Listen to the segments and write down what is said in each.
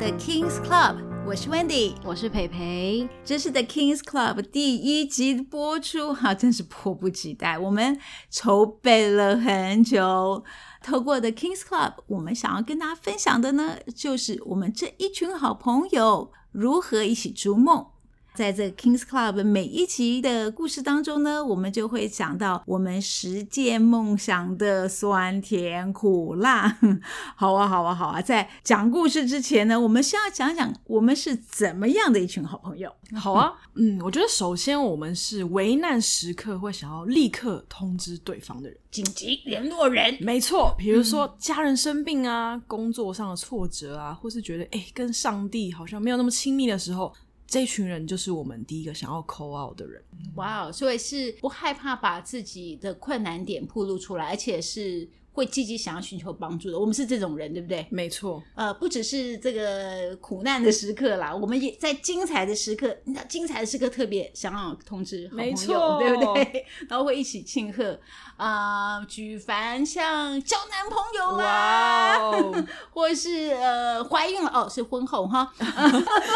The King's Club，我是 Wendy，我是佩佩，這是 The King's Club 第一集播出哈、啊，真是迫不及待。我們籌備了很久，透過 The King's Club，我們想要跟大家分享的呢，就是我們這一群好朋友如何一起逐夢。在這 King's Club 每一集的故事當中呢，我們就會講到我們實踐夢想的酸甜苦辣。 好啊，好啊，好啊！在講故事之前呢，我們先要講講我們是怎麼樣的一群好朋友。好啊， 嗯，我覺得首先我們是危難時刻會想要立刻通知對方的人，緊急聯絡人。沒錯，比如說家人生病啊，嗯、工作上的挫折啊，或是覺得誒、欸、跟上帝好像沒有那麼親密的時候。這群人就是我們第一個想要摳 o 的人。哇，哦，所以是不害怕把自己的困難點暴露出來，而且是會積極想要尋求幫助的。我們是這種人，對不對？沒錯錯。呃，不只是這個苦難的時刻啦，我們也在精彩的時刻。你道精彩的時刻特別想要通知沒錯錯對不對？然後會一起慶賀啊，舉凡像交男朋友啦，Wow 或是呃懷孕了哦，是婚後哈。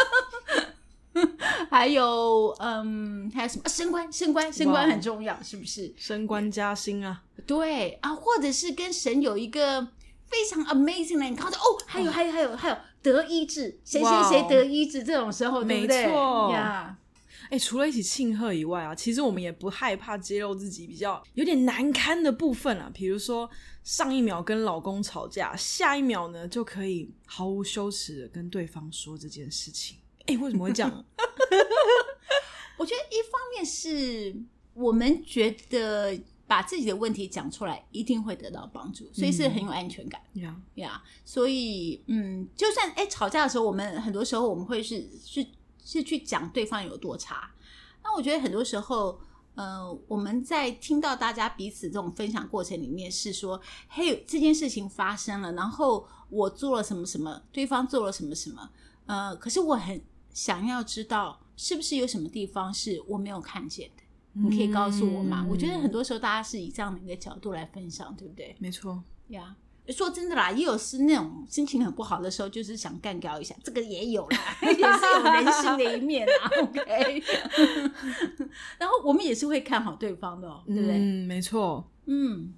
還有，嗯，還有什麼、啊、升官、升官、升官很重要，wow, 是不是？升官加薪啊？Yeah. 對啊，或者是跟神有一個非常 amazing 的 encounter。哦，還有，oh. 還有，還有，還有，還有得醫治，誰誰 Wow. 誰得醫治這種時候，對不對？沒錯呀。哎 Yeah.、欸，除了一起慶賀以外啊，其實我們也不害怕揭露自己比較有點難堪的部分啊。比如說，上一秒跟老公吵架，下一秒呢就可以毫無羞恥的跟對方說這件事情。哎、欸，為什麼會這樣？ 我覺得一方面是我們覺得把自己的問題講出來一定會得到幫助，所以是很有安全感。呀呀、mm，hmm. yeah. yeah. 所以嗯，就算哎、欸、吵架的時候，我們很多時候我們會是是是去講對方有多差。那我覺得很多時候，呃，我們在聽到大家彼此這種分享過程裡面，是說嘿，hey, 這件事情發生了，然後我做了什麼什麼，對方做了什麼什麼，呃，可是我很。想要知道是不是有什麼地方是我沒有看見的？嗯、你可以告訴我嘛？嗯、我覺得很多時候大家是以這樣的一個角度來分享，對不對？沒錯錯，呀，yeah. 說真的啦，也有是那種心情很不好的時候，就是想幹掉一下，這個也有啦， 也是有人性的一面啊。 OK， 然後我們也是會看好對方的、哦，嗯、對不對？嗯，沒錯。嗯，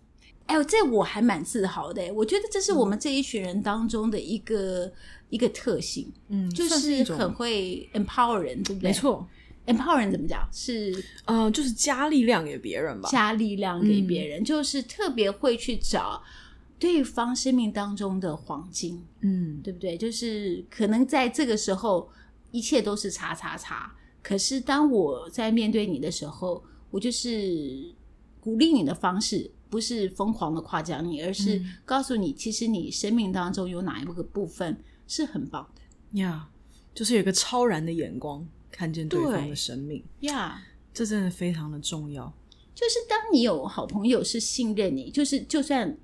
哎呦，這我還蠻自豪的，我覺得這是我們這一群人當中的一個。一個特性，嗯，就是很會 empower 人，對不對？沒錯，empower 人怎麼講？嗯、是呃，就是加力量給別人吧，加力量給別人，嗯、就是特別會去找對方生命當中的黃金，嗯，對不對？就是可能在這個時候一切都是差差差，可是當我在面對你的時候，我就是鼓勵你的方式，不是瘋狂的誇獎你，而是告訴你，其實你生命當中有哪一個部分。是很棒的呀，yeah，就是有個超然的眼光，看見對方的生命呀，yeah。這真的非常的重要。就是當你有好朋友是信任你，就是就算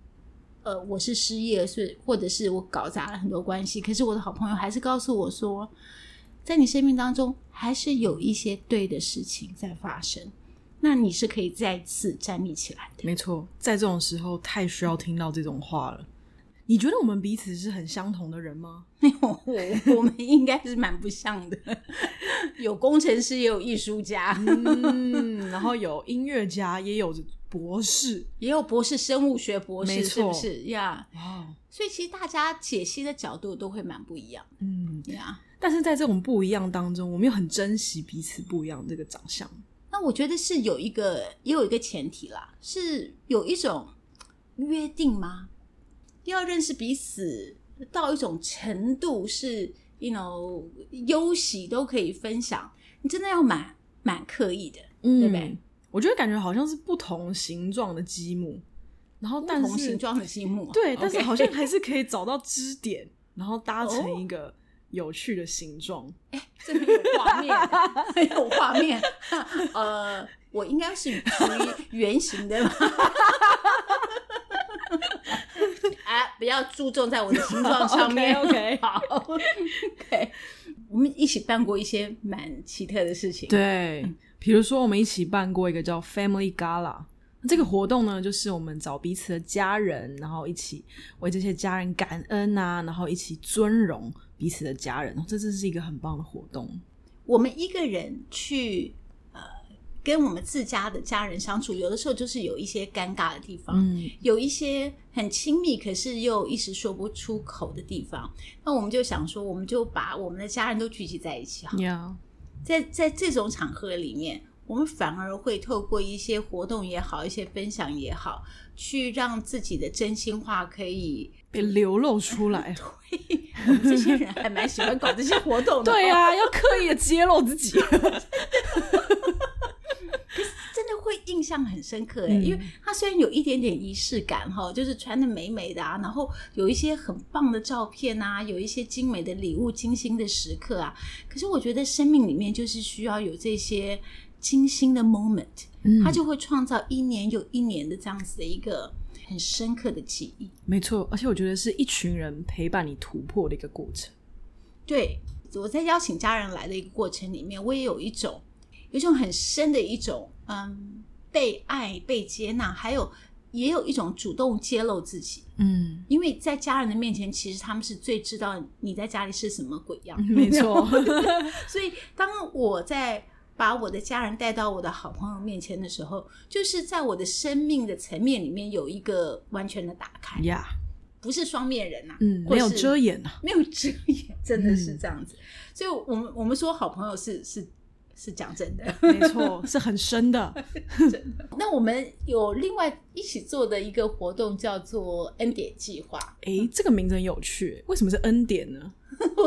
呃我是失業，是或者是我搞砸了很多關係，可是我的好朋友還是告訴我說，在你生命當中還是有一些對的事情在發生，那你是可以再次站立起來的。沒錯，在這種時候太需要聽到這種話了。你覺得我們彼此是很相同的人嗎？我 我們應該是蠻不像的， 有工程師，也有藝術家， 嗯，然後有音樂家，也有博士，也有博士，生物學博士，沒錯，是不是呀？Yeah. 哇所以其實大家解析的角度都會蠻不一樣，嗯，對啊。但是在這種不一樣當中，我們又很珍惜彼此不一樣這個長相。那我覺得是有一個，也有一個前提啦，是有一種約定嗎？第二，要認識彼此到一種程度是，you know，憂喜都可以分享。你真的要蠻蠻刻意的，嗯、對不對？我覺得感覺好像是不同形狀的積木，然後但是不同形狀的積木，對，okay, 但是好像還是可以找到支點，okay, 然後搭成一個有趣的形狀。哎、欸，這邊有畫面，很 有畫面。呃，我應該是屬於圓形的。 不要、啊、注重在我的形狀上面。OK，好。OK，我們一起辦過一些蠻奇特的事情。對，比如說我們一起辦過一個叫 Family Gala，這個活動呢，就是我們找彼此的家人，然後一起為這些家人感恩啊，然後一起尊榮彼此的家人。這真是一個很棒的活動。我們一個人去。跟我們自家的家人相處，有的時候就是有一些尷尬的地方，嗯、有一些很親密，可是又一時說不出口的地方。那我們就想說，我們就把我們的家人都聚集在一起好。嗯、在在這種場合裡面，我們反而會透過一些活動也好，一些分享也好，去讓自己的真心話可以被流露出來。 對。我們這些人還蠻喜歡搞這些活動的。 對呀、啊，要刻意揭露自己。 印象很深刻哎、欸，因為它雖然有一點點儀式感哈，就是穿得美美的啊，然後有一些很棒的照片啊，有一些精美的禮物、精心的時刻啊。可是我覺得生命裡面就是需要有這些精心的 moment，它就會創造一年又一年的這樣子的一個很深刻的記憶。沒錯，而且我覺得是一群人陪伴你突破的一個過程。對，我在邀請家人來的一個過程裡面，我也有一種，有一種很深的一種，嗯。被愛、被接納，還有也有一種主動揭露自己，嗯，因為在家人的面前，其實他們是最知道你在家裡是什麼鬼樣，嗯、沒錯錯。 所以當我在把我的家人帶到我的好朋友面前的時候，就是在我的生命的層面裡面有一個完全的打開呀，Yeah. 不是雙面人吶、啊，嗯，是沒有遮掩吶、啊，沒有遮掩，真的是這樣子。嗯、所以我們我們說好朋友是是。是講真的，沒錯，是很深的， 真的。那我們有另外一起做的一個活動，叫做恩典計劃。哎、欸，這個名字很有趣，為什麼是恩典呢？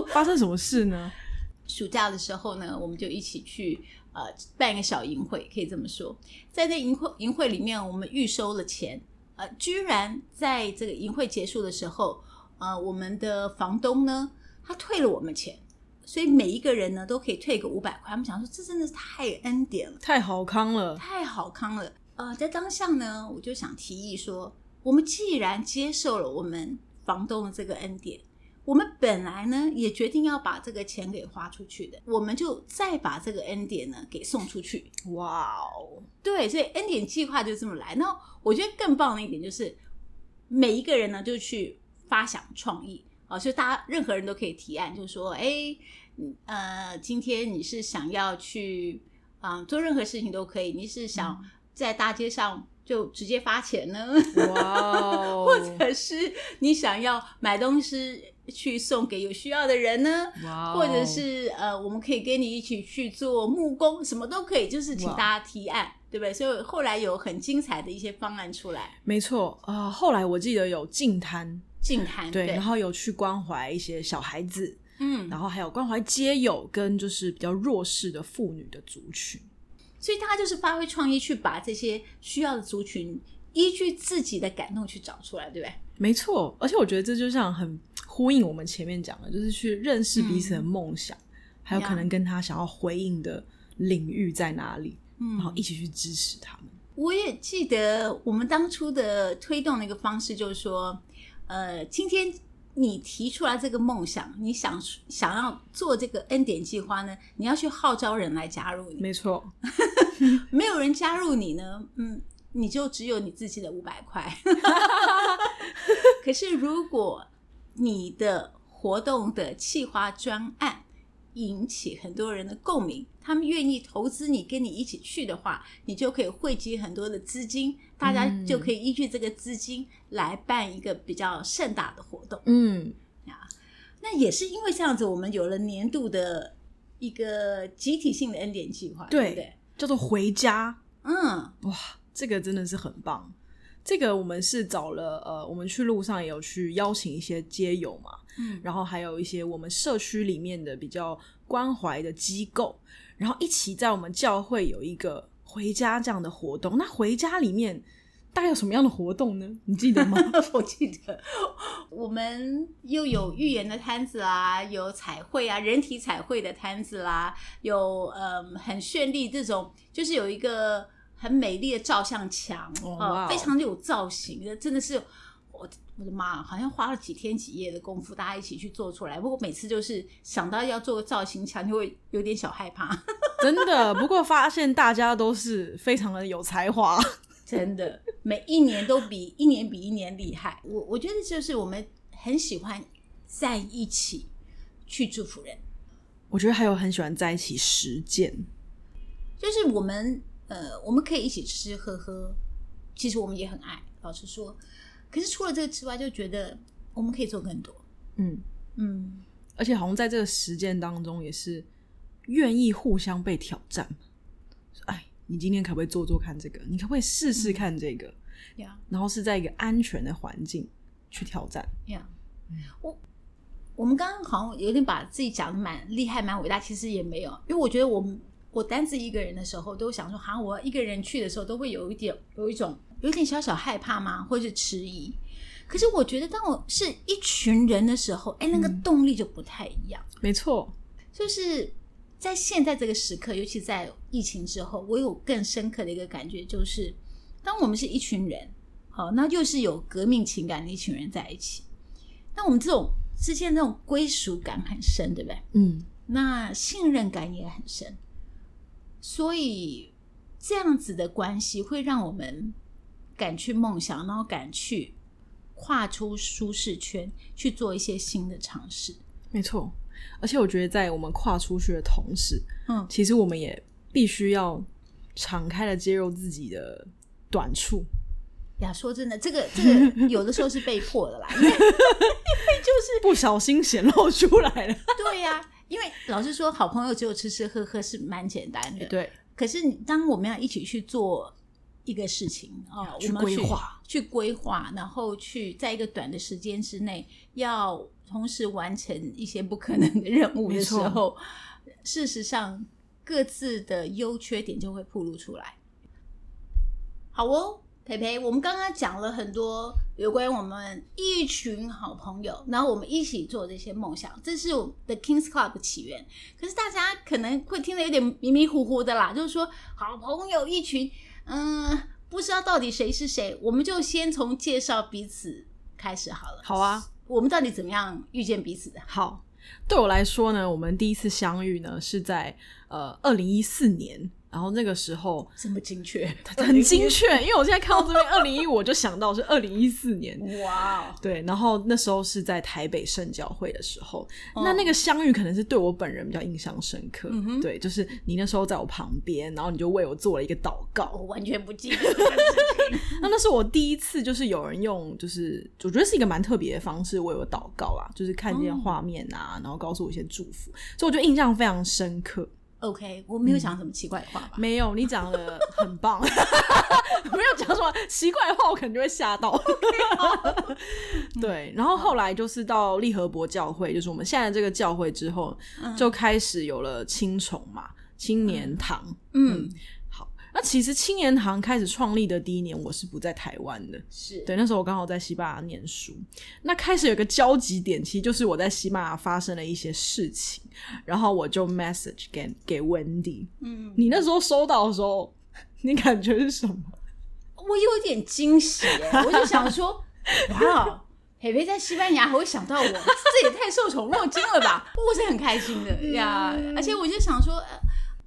發生什麼事呢？ 暑假的時候呢，我們就一起去、呃、辦一個小營會，可以這麼說。在那營會營會裡面，我們預收了錢，呃，居然在這個營會結束的時候，呃，我們的房東呢，他退了我們錢。所以每一個人呢，都可以退個五百塊，我們想說這真的是太恩典了，太好康了，太好康了。呃，在當下呢，我就想提議說，我們既然接受了我們房東的這個恩典，我們本來呢也決定要把這個錢給花出去的，我們就再把這個恩典呢給送出去。哇哦 Wow，對，所以恩典計劃就這麼來。那我覺得更棒的一點就是，每一個人呢就去發想創意。哦，所以大家任何人都可以提案，就是說，哎、欸，呃，今天你是想要去啊、呃、做任何事情都可以，你是想在大街上就直接發錢呢？哇，Wow. 或者是你想要買東西去送給有需要的人呢？哇，Wow. 或者是呃，我們可以跟你一起去做木工，什麼都可以，就是請大家提案，Wow. 對不對？所以後來有很精彩的一些方案出來，沒錯啊、呃，後來我記得有淨灘嗯、對，對然後有去關懷一些小孩子，嗯，然後還有關懷街友跟就是比較弱勢的婦女的族群，所以他就是發揮創意去把這些需要的族群，依據自己的感動去找出來，對不對？沒錯，而且我覺得這就像很呼應我們前面講的，就是去認識彼此的夢想，嗯、還有可能跟他想要回應的領域在哪裡，嗯、然後一起去支持他們。我也記得我們當初的推動的一個方式，就是說。呃，今天你提出來這個夢想，你想想要做這個恩典計劃呢？你要去號召人來加入你。沒錯。 沒有人加入你呢，嗯，你就只有你自己的五百塊。 可是，如果你的活動的企劃專案引起很多人的共鳴。他們願意投資你，跟你一起去的話，你就可以匯集很多的資金，大家就可以依據這個資金來辦一個比較盛大的活動。嗯，啊，那也是因為這樣子，我們有了年度的一個集體性的恩典計劃，對，對不對？叫做回家。嗯，哇，這個真的是很棒。這個我們是找了呃，我們去路上也有去邀請一些街友嘛。嗯，然後還有一些我們社區裡面的比較關懷的機構，然後一起在我們教會有一個回家這樣的活動。那回家裡面大概有什麼樣的活動呢？你記得嗎？ 我記得我們又有預言的攤子啊，有彩繪啊，人體彩繪的攤子啦、啊，有嗯、呃、很絢麗這種，就是有一個很美麗的照相牆、oh, wow. 呃、非常有造型的，真的是。我我的媽，好像花了幾天幾夜的功夫，大家一起去做出來，不過每次就是想到要做個造型牆，就會有點小害怕，真的。不過發現大家都是非常的有才華， 真的，每一年都比一年比一年厲害。我我覺得就是我們很喜歡在一起去祝福人，我覺得還有很喜歡在一起實踐，就是我們呃，我們可以一起吃吃喝喝，其實我們也很愛，老實說。可是除了這個之外，就覺得我們可以做更多。嗯嗯，嗯，而且好像在這個實踐當中，也是願意互相被挑戰哎，你今天可不可以做做看這個？你可不可以試試看這個？呀、嗯，yeah. 然後是在一個安全的環境去挑戰。呀 Yeah.、嗯，我我們剛剛好像有點把自己講的蠻厲害、蠻偉大，其實也沒有。因為我覺得我，我我單自一個人的時候，都想說，好像我一個人去的時候，都會有一點有一種。有點小小害怕嗎，或者是遲疑？可是我覺得，當我是一群人的時候，哎、欸，那個動力就不太一樣。嗯、沒錯，就是在現在這個時刻，尤其在疫情之後，我有更深刻的一個感覺，就是當我們是一群人，好，那就是有革命情感的一群人在一起。那我們這種之間那種歸屬感很深，對不對？嗯，那信任感也很深，所以這樣子的關係會讓我們。敢去夢想，然後敢去跨出舒適圈，去做一些新的嘗試。沒錯，而且我覺得，在我們跨出去的同時，嗯，其實我們也必須要敞開的接受自己的短處。呀，說真的，這個這個， 有的時候是被迫的啦， 因為因為就是不小心顯露出來了。 對呀、啊，因為老實說，好朋友只有吃吃喝喝是蠻簡單的。對，可是當我們要一起去做。一個事情啊，哦、去規劃，去，去規劃，然後去在一個短的時間之內，要同時完成一些不可能的任務的時候，沒錯。事實上各自的優缺點就會暴露出來。好哦，培培，我們剛剛講了很多有關我們一群好朋友，然後我們一起做這些夢想，這是《我們的 King's Club》起源。可是大家可能會聽得有點迷迷糊糊的啦，就是說好朋友一群。嗯，不知道到底誰是誰，我們就先從介紹彼此開始好了。好啊，我們到底怎麼樣遇見彼此的？好，對我來說呢，我們第一次相遇呢，是在呃，2014年。然後那個時候這麼精確， 很精確，因為我現在看到這邊二零一，2015, 我就想到是二零一四年。哇哦，對，然後那時候是在台北聖教會的時候，oh. 那那個相遇可能是對我本人比較印象深刻。Mm hmm. 對，就是你那時候在我旁邊，然後你就為我做了一個禱告，我完全不記得 那那是我第一次，就是有人用，就是我覺得是一個蠻特別的方式為我禱告啊，就是看見畫面啊，oh. 然後告訴我一些祝福，所以我就印象非常深刻。OK，我沒有講什麼奇怪的話吧？嗯、沒有，你講得很棒， 沒有講什麼奇怪的話，我可能就會嚇到。 okay 哦、 對，然後後來就是到利河伯教會，就是我們現在這個教會之後，嗯、就開始有了青蟲嘛，青年堂，嗯。嗯那其實青年堂開始創立的第一年，我是不在台灣的，是對，那時候我剛好在西班牙念書。那開始有一個交集點，其實就是我在西班牙發生了一些事情，然後我就 message 給給 Wendy。嗯，你那時候收到的時候，你感覺是什麼？我有點驚喜，我就想說， 哇，佩佩在西班牙還會想到我，這也 太受寵若驚了吧！ 我是很開心的呀，嗯嗯，而且我就想說，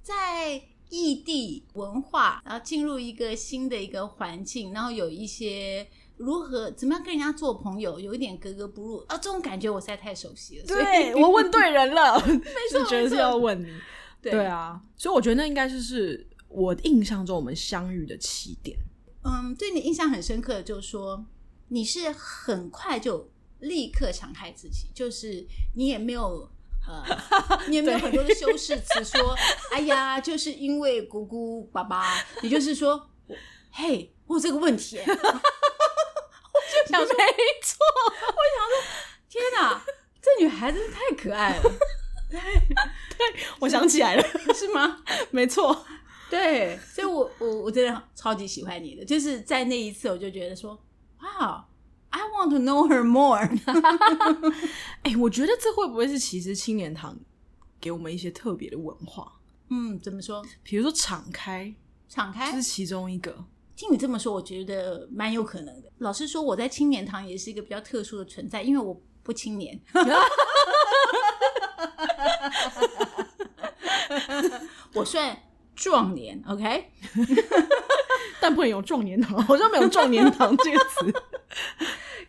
在。異地文化，然後進入一個新的一個環境，然後有一些如何怎麼樣跟人家做朋友，有一點格格不入啊，這種感覺我實在太熟悉了，所以，對， 我問對人了，沒錯，是覺得是要問你，沒錯，對，對啊，所以我覺得那應該就是，是我印象中我們相遇的起點。嗯，對你印象很深刻的就是說，你是很快就立刻敞開自己，就是你也沒有。嗯、你也沒有很多的修飾詞，說，對哎呀，就是因為姑姑爸爸，也就是說，我嘿，我有這個問題、啊， 我就想說沒錯錯，我想說，天哪、啊， 這女孩子是太可愛了， 對，是對，我想起來了，是嗎？ 沒錯錯，對，所以我，我我我真的超級喜歡你的，就是在那一次，我就覺得說，哇。I want to know her more。 哎、欸，我覺得這會不會是其實青年堂給我們一些特別的文化？嗯，怎麼說？比如說敞開，敞開是其中一個。聽你這麼說，我覺得蠻有可能的。老實說，我在青年堂也是一個比較特殊的存在，因為我不青年， 我算壯年，OK？ 但不能有壯年堂，好像沒有壯年堂這個詞。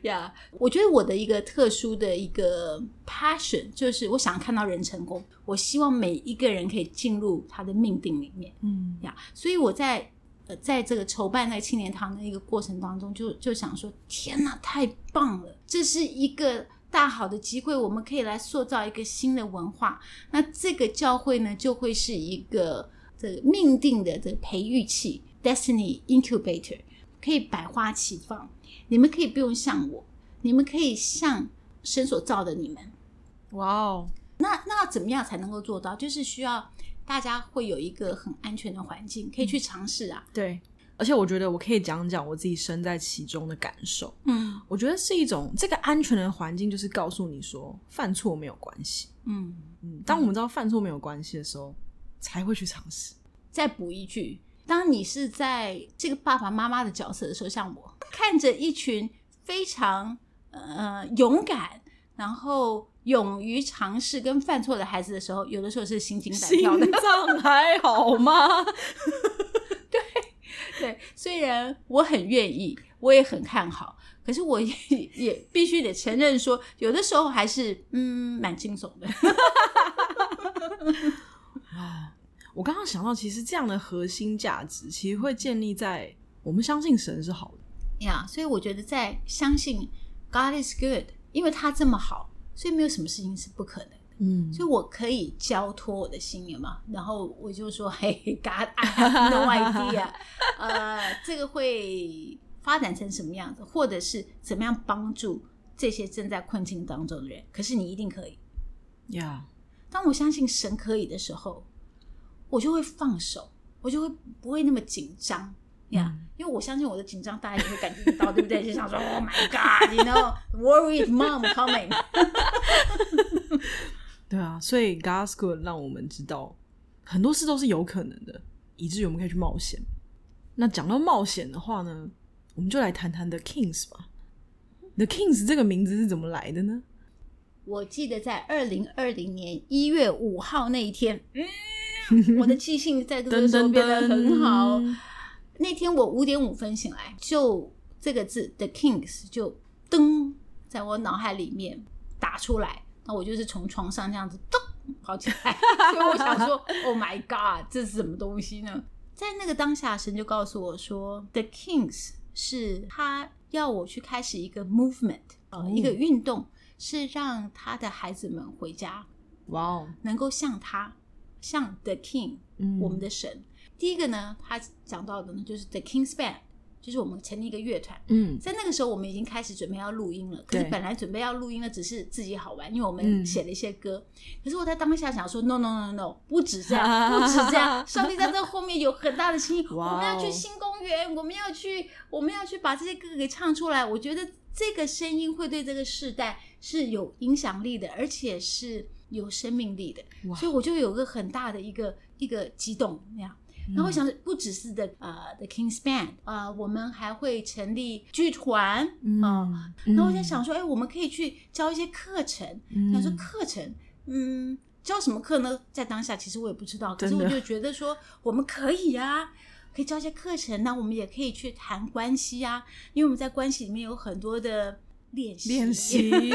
呀， yeah, 我覺得我的一個特殊的一個 passion 就是，我想看到人成功。我希望每一個人可以進入他的命定裡面。嗯，呀，所以我在呃，在這個籌辦那個青年堂的一個過程當中就，就就想說，天哪、啊，太棒了！這是一個大好的機會，我們可以來塑造一個新的文化。那這個教會呢，就會是一個這個命定的這個培育器。Destiny Incubator 可以百花齊放，你們可以不用像我。你們可以像神所造的你們。哇哦 Wow！那那怎麼樣才能夠做到？就是需要大家會有一個很安全的環境，可以去嘗試啊、嗯。對，而且我覺得我可以講講我自己身在其中的感受。嗯，我覺得是一種這個安全的環境，就是告訴你說犯錯沒有關係。嗯嗯，當我們知道犯錯沒有關係的時候，才會去嘗試。再補一句。當你是在這個爸爸媽媽的角色的時候，像我看着一群非常呃勇敢，然後勇於嘗試跟犯錯的孩子的時候，有的時候是心驚膽跳的，心臟還好嗎？ 對對，雖然我很願意，我也很看好，可是我也，也必須得承認說，有的時候還是嗯蠻驚悚的。 我剛剛想到，其實這樣的核心價值，其實會建立在我們相信神是好的，呀。Yeah, 所以我覺得，在相信 God is good，因為他這麼好，所以沒有什麼事情是不可能的。嗯，所以我可以交托我的心念嘛。然後我就說：“嘿、hey,，God，I have no idea，呃， uh, 這個會發展成什麼樣子，或者是怎麼樣幫助這些正在困境當中的人？可是你一定可以，呀。Yeah. 當我相信神可以的時候。”我就會放手，我就會不會那麼緊張呀，嗯、yeah, 因為我相信我的緊張大家也會感覺到， 對不對？就想說，Oh my God，you know, worry is mom coming？對啊，所以 Gaskle 讓我們知道，很多事都是有可能的，以至於我們可以去冒險。那講到冒險的話呢，我們就來談談 The Kings 吧。The Kings 這個名字是怎麼來的呢？我記得在二零二零年一月五號那一天，嗯。 我的記性在這個時候變得很好。那天我五點五分醒來，就這個字 “The Kings” 就噔在我腦海裡面打出來，那我就是從床上這樣子咚跑起來。所以我想說 ：“Oh my God，這是什麼東西呢？” 在那個當下，神就告訴我說：“The Kings 是他要我去開始一個 movement、oh. 一個運動是讓他的孩子們回家。哇哦，能夠像他。”像 The King、嗯、我們的神。第一個呢，他講到的呢，就是 The King's Band，就是我們成立一個樂團。嗯，在那個時候，我們已經開始準備要錄音了。對可是本來準備要錄音的，只是自己好玩，因為我們寫了一些歌。嗯、可是我在當下想說、嗯、No No No No，不止這樣，不止這樣，上、啊、帝在這後面有很大的心意，哇我們要去新公園，我們要去，我們要去把這些歌給唱出來。我覺得這個聲音會對這個世代是有影響力的，而且是，有生命力的，哇所以我就有個很大的一個一個激動那樣、yeah。然後我想，不只是的呃 the King's Band 啊、uh,，我們還會成立劇團嗯，uh, 然後我就想說，哎、嗯，我們可以去教一些課程，想、嗯、說課程，嗯，教什麼課呢？在當下其實我也不知道，可是我就覺得說我們可以呀、啊，的可以教一些課程。那我們也可以去談關係呀、啊，因為我們在關係裡面有很多的。練習，練習習， 因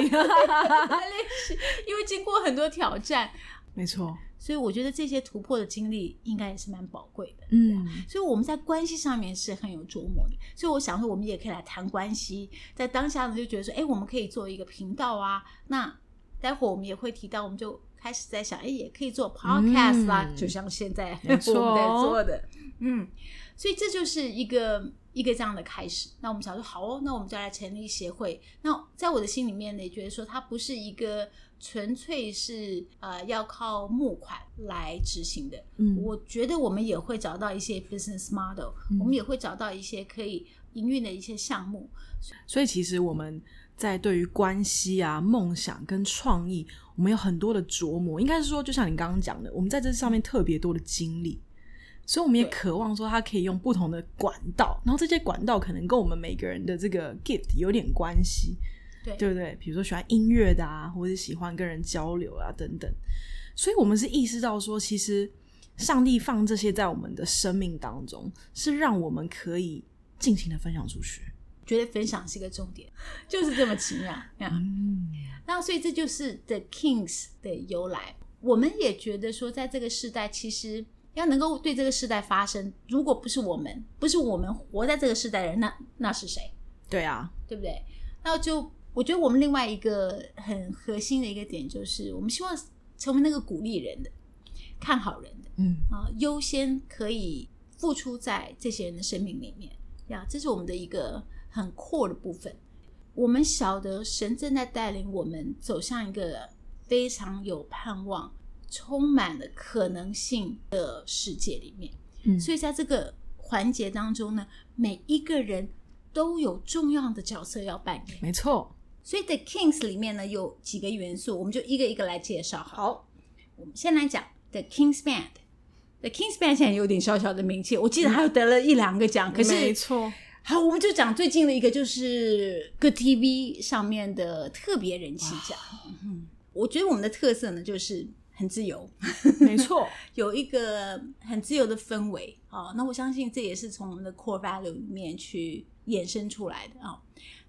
為經過很多挑戰，沒錯錯，所以我覺得這些突破的經歷應該也是蠻寶貴的，嗯，所以我們在關係上面是很有琢磨的，所以我想說，我們也可以來談關係，在當下呢就覺得說，哎、欸，我們可以做一個頻道啊，那待會兒我們也會提到，我們就開始在想，哎、欸，也可以做 podcast 啦，嗯、就像現在錯錯我們在做的，嗯，所以這就是一個。一個這樣的開始，那我們想說好哦，那我們就來成立協會。那在我的心裡面呢，也覺得說它不是一個純粹是呃要靠募款來執行的。嗯，我覺得我們也會找到一些 business model，嗯、我們也會找到一些可以營運的一些項目。所以其實我們在對於關係啊、夢想跟創意，我們有很多的琢磨。應該是說，就像你剛剛講的，我們在這上面特別多的經歷。所以我們也渴望說，他可以用不同的管道，對然後這些管道可能跟我們每個人的這個 gift 有點關係，對，對不對？比如說喜歡音樂的啊，或者是喜歡跟人交流啊等等。所以我們是意識到說，其實上帝放這些在我們的生命當中，是讓我們可以盡情的分享出去。覺得分享是一個重點，就是這麼奇妙。 嗯，那所以這就是 The Kings 的由來。我們也覺得說，在這個時代，其實。要能夠對這個世代發生，如果不是我們，不是我們活在這個世代的人，那那是誰？對啊，對不對？那就我覺得我們另外一個很核心的一個點，就是我們希望成為那個鼓勵人的、看好人的，嗯啊，優先可以付出在這些人的生命裡面呀。這，這是我們的一個很 core 的部分。我們曉得神正在帶領我們走向一個非常有盼望。充滿了可能性的世界裡面，嗯、所以在這個環節當中呢，每一個人都有重要的角色要扮演。沒錯錯，所以 The Kings 裡面呢，有幾個元素，我們就一個一個來介紹。好，我們先來講 The King's Band。The King's Band 現在有點小小的名氣，嗯、我記得還有得了一兩個獎。嗯、可是，沒錯錯。好，我們就講最近的一個，就是 Good TV 上面的特別人氣獎。哇我覺得我們的特色呢，就是。很自由， 沒錯錯，有一個很自由的氛圍、哦、那我相信這也是從我們的 core value 裡面去衍生出來的啊、哦。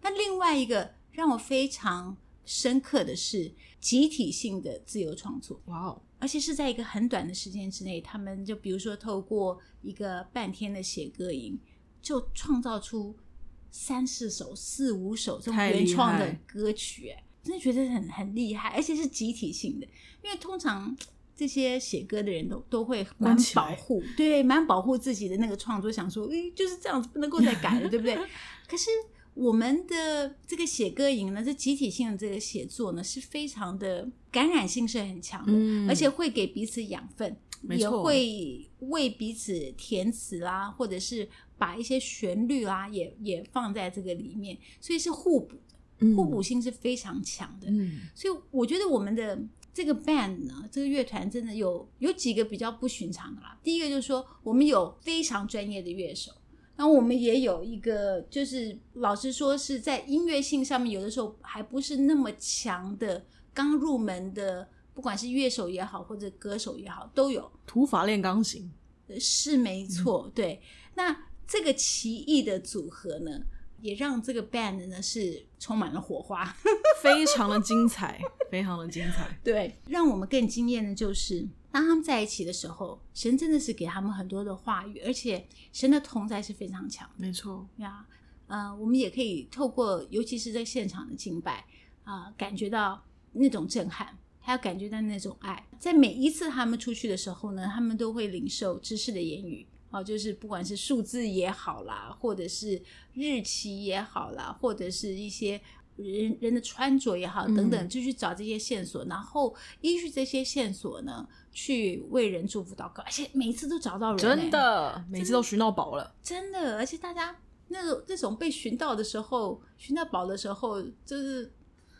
那另外一個讓我非常深刻的是集體性的自由創作，哇哦 Wow！而且是在一個很短的時間之內，他們就比如說透過一個半天的寫歌營，就創造出三四首、四五首這種原創的歌曲。我真的覺得很很厲害，而且是集體性的，因為通常這些寫歌的人都都會蠻保護，對，蠻保護自己的那個創作，想說，嗯，就是這樣子，不能夠再改了，對不對？ 可是我們的這個寫歌營呢，這集體性的這個寫作呢，是非常的感染性是很強的，嗯，而且會給彼此養分，沒錯。也會為彼此填詞啦，或者是把一些旋律啊，也也放在這個裡面，所以是互補。互補性是非常強的，嗯嗯、所以我覺得我們的這個 band 呢，這個樂團真的有有幾個比較不尋常的啦。第一個就是說，我們有非常專業的樂手，那我們也有一個，就是老實說是在音樂性上面有的時候還不是那麼強的，剛入門的，不管是樂手也好，或者歌手也好，都有土法煉鋼琴，是沒錯。嗯、對，那這個奇異的組合呢，也讓這個 band 呢是充滿了火花， 非常的精彩， 非常的精彩。對，讓我們更驚艷的就是，當他們在一起的時候，神真的是給他們很多的話語，而且神的同在是非常強。沒錯，呀、yeah，呃，我們也可以透過，尤其是在現場的敬拜啊、呃，感覺到那種震撼，還有感覺到那種愛。在每一次他們出去的時候呢，他們都會領受知識的言語。就是不管是數字也好啦，或者是日期也好啦，或者是一些人人的穿着也好，等等，就去找這些線索，嗯、然後依據這些線索呢，去為人祝福禱告，而且每次都找到人。真的，真的每次都尋到寶了，真的，而且大家那種那種被尋到的時候，尋到寶的時候，就是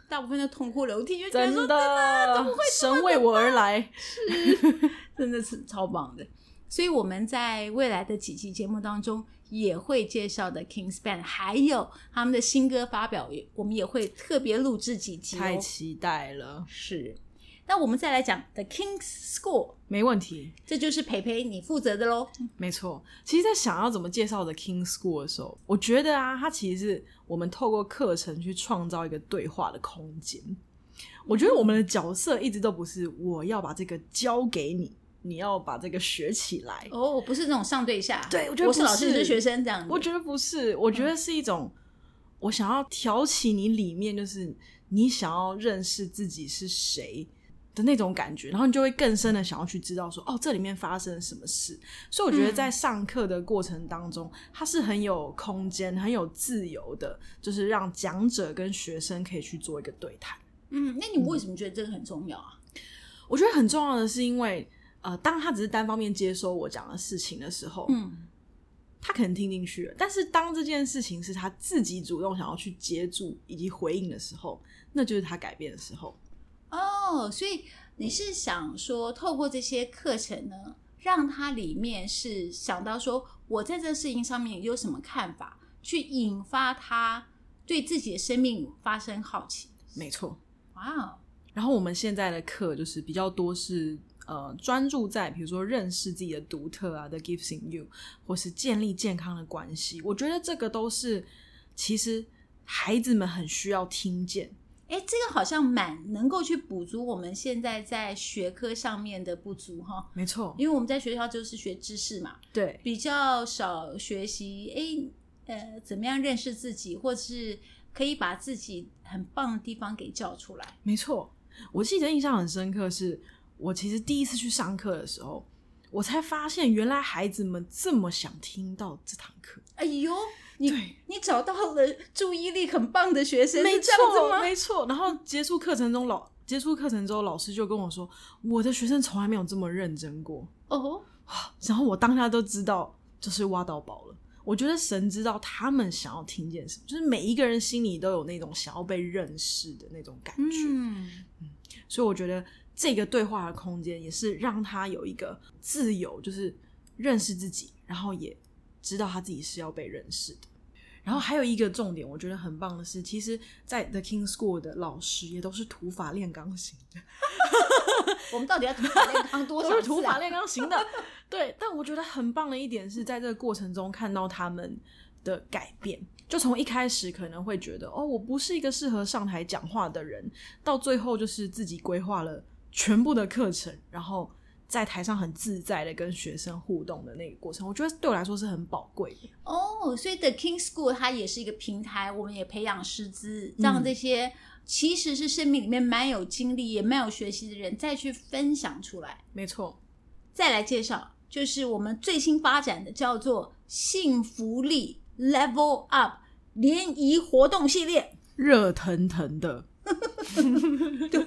大部分都痛哭流涕，我聽覺得神為我而來，是 真的是超棒的。所以我們在未來的幾期節目當中也會介紹 The King's Band，還有他們的新歌發表，我們也會特別錄製幾期。太期待了，是。那我們再來講 The King's School，沒問題，這就是培培你負責的嘍。沒錯，其實在想要怎麼介紹 The King's School 的時候，我覺得啊，它其實是我們透過課程去創造一個對話的空間。我覺得我們的角色一直都不是我要把這個交給你。你要把這個學起來哦！我、oh, 不是那種上對下，對，我覺得不是，我是老師，你是學生這樣子。我覺得不是，我覺得是一種我想要挑起你裡面，就是你想要認識自己是誰的那種感覺，然後你就會更深的想要去知道說哦，這裡面發生什麼事。所以我覺得在上課的過程當中，嗯、它是很有空間、很有自由的，就是讓講者跟學生可以去做一個對談。嗯，那你為什麼覺得這個很重要啊？我覺得很重要的是因為。呃，當他只是單方面接收我講的事情的時候，嗯，他可能聽進去了。但是當這件事情是他自己主動想要去接觸以及回應的時候，那就是他改變的時候。哦，所以你是想說，透過這些課程呢，讓他裡面是想到說我在這個事情上面有什麼看法，去引發他對自己的生命發生好奇。沒錯錯，哇 Wow。然後我們現在的課就是比較多是。呃，專注在比如說，認識自己的獨特啊 the gifts in you，或是建立健康的關係，我覺得這個都是其實孩子們很需要聽見。哎、欸，這個好像蠻能夠去補足我們現在在學科上面的不足哈。沒錯，因為我們在學校就是學知識嘛，對，比較少學習哎、欸、呃怎麼樣認識自己，或是可以把自己很棒的地方給教出來。沒錯，我記得印象很深刻是。我其實第一次去上課的時候，我才發現原來孩子們這麼想聽到這堂課。哎呦，你對你找到了注意力很棒的學生，沒錯錯，嗎沒錯。然後結束課程中、嗯、老結束課程之後，老師就跟我說，我的學生從來沒有這麼認真過。哦，然後我當下都知道，就是挖到寶了。我覺得神知道他們想要聽見什麼，就是每一個人心裡都有那種想要被認識的那種感覺。嗯嗯、所以我覺得。這個對話的空間也是讓他有一個自由，就是認識自己，然後也知道他自己是要被認識的。然後還有一個重點，我覺得很棒的是，其實，在 The King's School 的老師也都是土法煉鋼型的。 我們到底要土法煉鋼多少、啊？ 都是土法煉鋼型的。對，但我覺得很棒的一點是在這個過程中看到他們的改變。就從一開始可能會覺得哦，我不是一個適合上台講話的人，到最後就是自己規劃了，全部的課程，然後在台上很自在的跟學生互動的那個過程，我覺得對我來說是很寶貴的哦。Oh, 所以 The King's School 它也是一個平台，我們也培養師資，讓這，這些其實是生命裡面蠻有經歷也蠻有學習的人再去分享出來。沒錯，再來介紹就是我們最新發展的叫做“幸福力 Level Up 聯誼活動系列”，熱騰騰的。 對，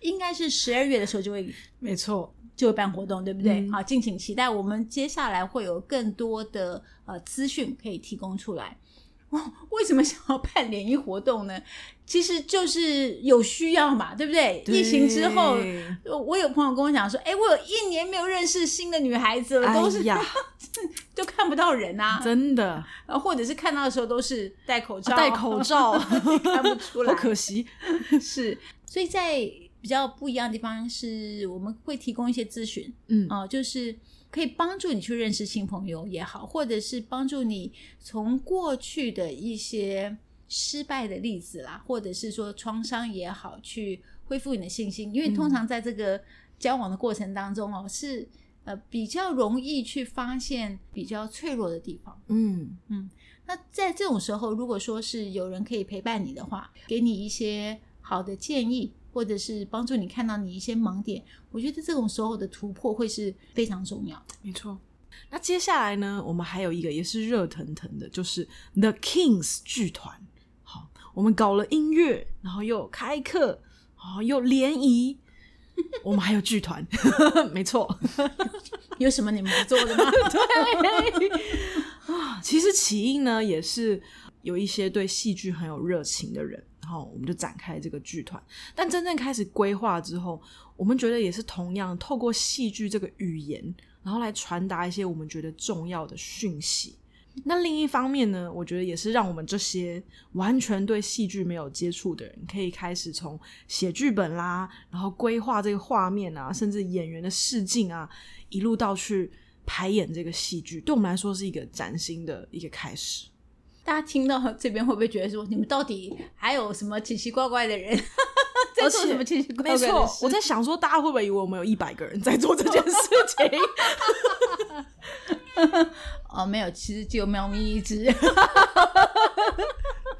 應該是十二月的時候就會，沒錯，就會辦活動，對不對？嗯、好，敬請期待，我們接下來會有更多的呃資訊可以提供出來。為什麼想要辦聯誼活動呢？其實就是有需要嘛，對不對？對，疫情之後，我有朋友跟我講說，哎、欸，我有一年沒有認識新的女孩子了，都是都、哎、呀 看不到人啊，真的。或者是看到的時候都是戴口罩，啊、戴口罩 看不出來，好可惜，是。所以在比較不一樣的地方，是我們會提供一些諮詢，嗯，哦、呃，就是。可以幫助你去認識新朋友也好，或者是幫助你從過去的一些失敗的例子啦，或者是說創傷也好，去恢復你的信心。因為通常在這個交往的過程當中，嗯，哦，是，呃，比較容易去發現比較脆弱的地方。嗯嗯，那在這種時候，如果說是有人可以陪伴你的話，給你一些好的建議。或者是幫助你看到你一些盲點，我覺得這種時候的突破會是非常重要的。沒錯錯，那接下來呢，我們還有一個也是熱騰騰的，就是 The King's 劇團。好，我們搞了音樂，然後又開課，後、哦、又聯誼， 我們還有劇團。 沒錯錯， 有什麼你們不做的嗎？ 對， 其實起因呢，也是有一些對戲劇很有熱情的人。然後，我們就展開這個劇團。但真正開始規劃之後，我們覺得也是同樣透過戲劇這個語言，然後來傳達一些我們覺得重要的訊息。那另一方面呢，我覺得也是讓我們這些完全對戲劇沒有接觸的人，可以開始從寫劇本啦，然後規劃這個畫面啊，甚至演員的試鏡啊，一路到去排演這個戲劇，對我們來說是一個嶄新的一個開始。大家聽到這邊會不會覺得說，你們到底還有什麼奇奇怪怪的人在做什麼奇奇怪怪？沒錯，我在想說，大家會不會以為我們有一百個人在做這件事情？哦， oh, 沒有，其實只有喵咪一隻。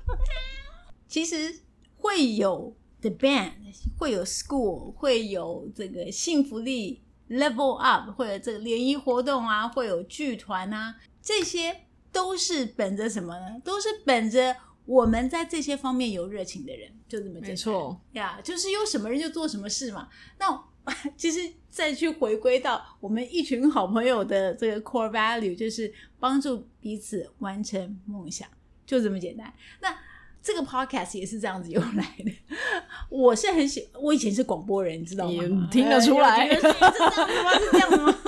其實會有 the band，會有 school，會有這個幸福力 Level Up，會有這個聯誼活動啊，會有劇團啊這些。都是本着什麼呢？都是本着我們在這些方面有熱情的人，就這麼簡單呀。沒錯 yeah, 就是有什麼人就做什麼事嘛。那其實再去回歸到我們一群好朋友的這個 core value，就是幫助彼此完成夢想，就這麼簡單。那這個 podcast 也是這樣子由來的。我是很喜歡，我以前是廣播人，你知道嗎？You, 嗯、聽得出來，是這樣嗎？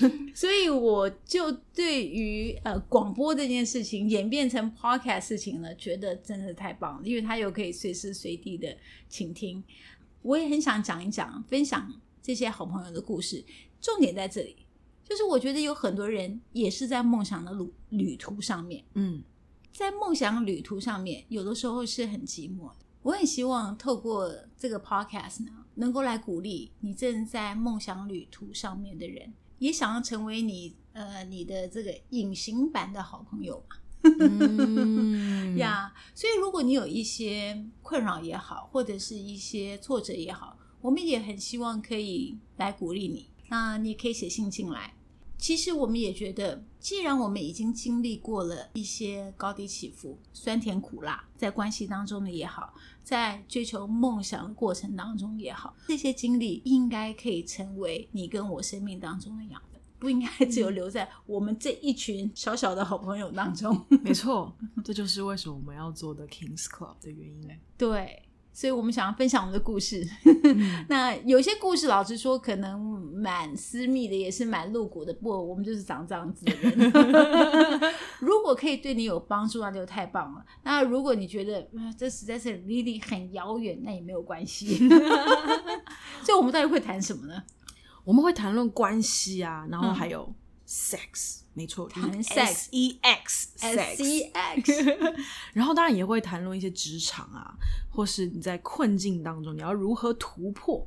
所以我就對於呃廣播這件事情演變成 podcast 事情了，覺得真的太棒了。因為它又可以隨時隨地的傾聽。我也很想講一講，分享這些好朋友的故事。重點在這裡，就是我覺得有很多人也是在夢想的路旅、旅途上面，嗯，在夢想旅途上面，有的時候是很寂寞的。我很希望透過這個 podcast 呢，能夠來鼓勵你正在夢想旅途上面的人。也想要成為你呃你的這個隱形版的好朋友嘛？呀 yeah, 所以如果你有一些困擾也好，或者是一些挫折也好，我們也很希望可以來鼓勵你。那你也可以寫信進來。其實我們也覺得，既然我們已經經歷過了一些高低起伏、酸甜苦辣，在關係當中的也好。在追求夢想過程當中也好，這些經歷應該可以成為你跟我生命當中的養分，不應該只有留在我們這一群小小的好朋友當中。嗯、沒錯， 這就是為什麼我們要做的 King's Club 的原因呢。對。所以我們想要分享我們的故事。 那有些故事，老實說，可能蠻私密的，也是蠻露骨的。不過我們就是長這樣子的人。 如果可以對你有幫助，那就太棒了。那如果你覺得，呃，這實在是離你很遙遠，那也沒有關係。 所以我們到底會談什麼呢？我們會談論關係啊，然後還有。嗯 sex，沒錯，談 sex，sex，sex，然後當然也會談論一些職場啊，或是你在困境當中你要如何突破，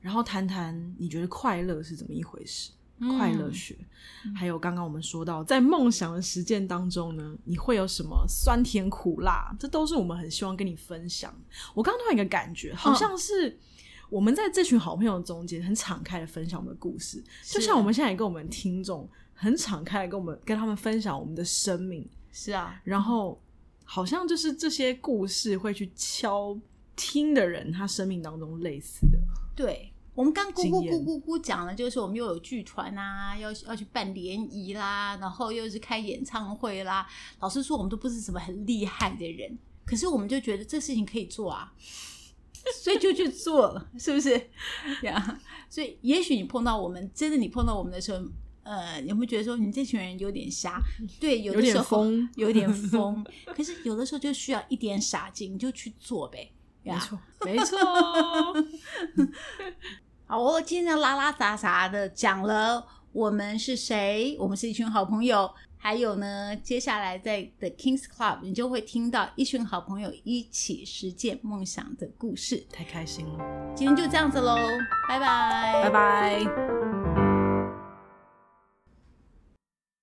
然後談談你覺得快樂是怎麼一回事，嗯、快樂學，嗯、還有剛剛我們說到在夢想的實踐當中呢，你會有什麼酸甜苦辣？這都是我們很希望跟你分享的。我剛剛突然有一個感覺，好像是、嗯。我們在這群好朋友中間很敞開的分享我們的故事，是啊，就像我們現在也跟我們聽眾很敞開的跟我們跟他們分享我們的生命。是啊，然後好像就是這些故事會去敲聽的人，他生命當中類似的。對，我們剛咕咕咕咕咕講的就是我們又有劇團啊，要要去辦聯誼啦，然後又是開演唱會啦。老實說，我們都不是什麼很厲害的人，可是我們就覺得這事情可以做啊。 所以就去做了，是不是？呀、yeah.，所以也許你碰到我們，真的你碰到我們的時候，呃，你會覺得說，你這群人有點瞎。 對，有的時候有點瘋，有點瘋 可是有的時候就需要一點傻勁，你就去做唄，yeah. 沒錯，沒錯。 好、哦，我今天拉拉雜雜的講了，我們是誰？我們是一群好朋友。還有呢，接下來在 The King's Club，你就會聽到一群好朋友一起實踐夢想的故事，太開心了。今天就這樣子嘍，拜拜，拜拜。